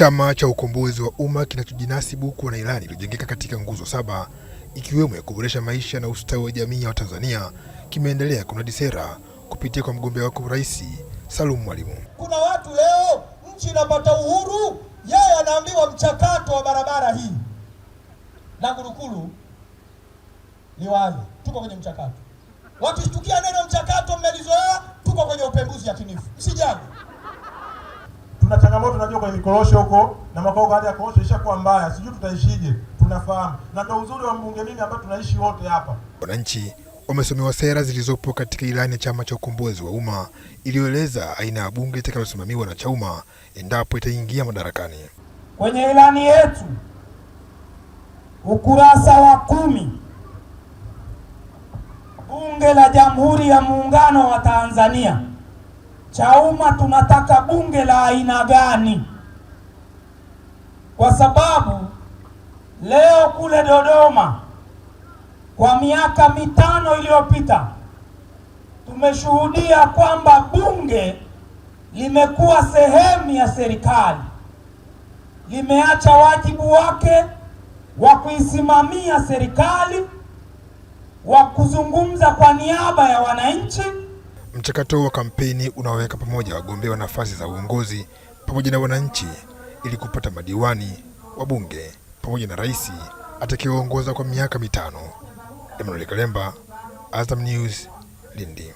Chama cha Ukombozi wa Umma kinachojinasibu kuwa na ilani iliyojengeka katika nguzo saba ikiwemo ya kuboresha maisha na ustawi wa jamii ya Watanzania kimeendelea kunadi sera kupitia kwa mgombea wake urais Salum Mwalimu. Kuna watu leo nchi inapata uhuru, yeye anaambiwa mchakato wa barabara hii na ni Liwale, tuko kwenye mchakato, wakishtukia neno mchakato Kwa tunajua kwenye mikorosho huko na makao baada ya korosho ishakuwa mbaya, sijui tutaishije, tunafahamu. Na ndio uzuri wa mbunge mimi ambao tunaishi wote hapa. Wananchi wamesomewa sera zilizopo katika ilani ya Chama cha Ukombozi wa Umma iliyoeleza aina ya bunge itakalosimamiwa na chama endapo itaingia madarakani. Kwenye ilani yetu ukurasa wa kumi, Bunge la Jamhuri ya Muungano wa Tanzania cha umma, tunataka bunge la aina gani? Kwa sababu leo kule Dodoma kwa miaka mitano iliyopita tumeshuhudia kwamba bunge limekuwa sehemu ya serikali, limeacha wajibu wake wa kuisimamia serikali, wa kuzungumza kwa niaba ya wananchi Mchakato wa kampeni unaweka pamoja wagombea wa nafasi za uongozi pamoja na wananchi ili kupata madiwani, wabunge pamoja na rais atakayeongoza kwa miaka mitano. Emmanuel Kalemba, Azam News, Lindi.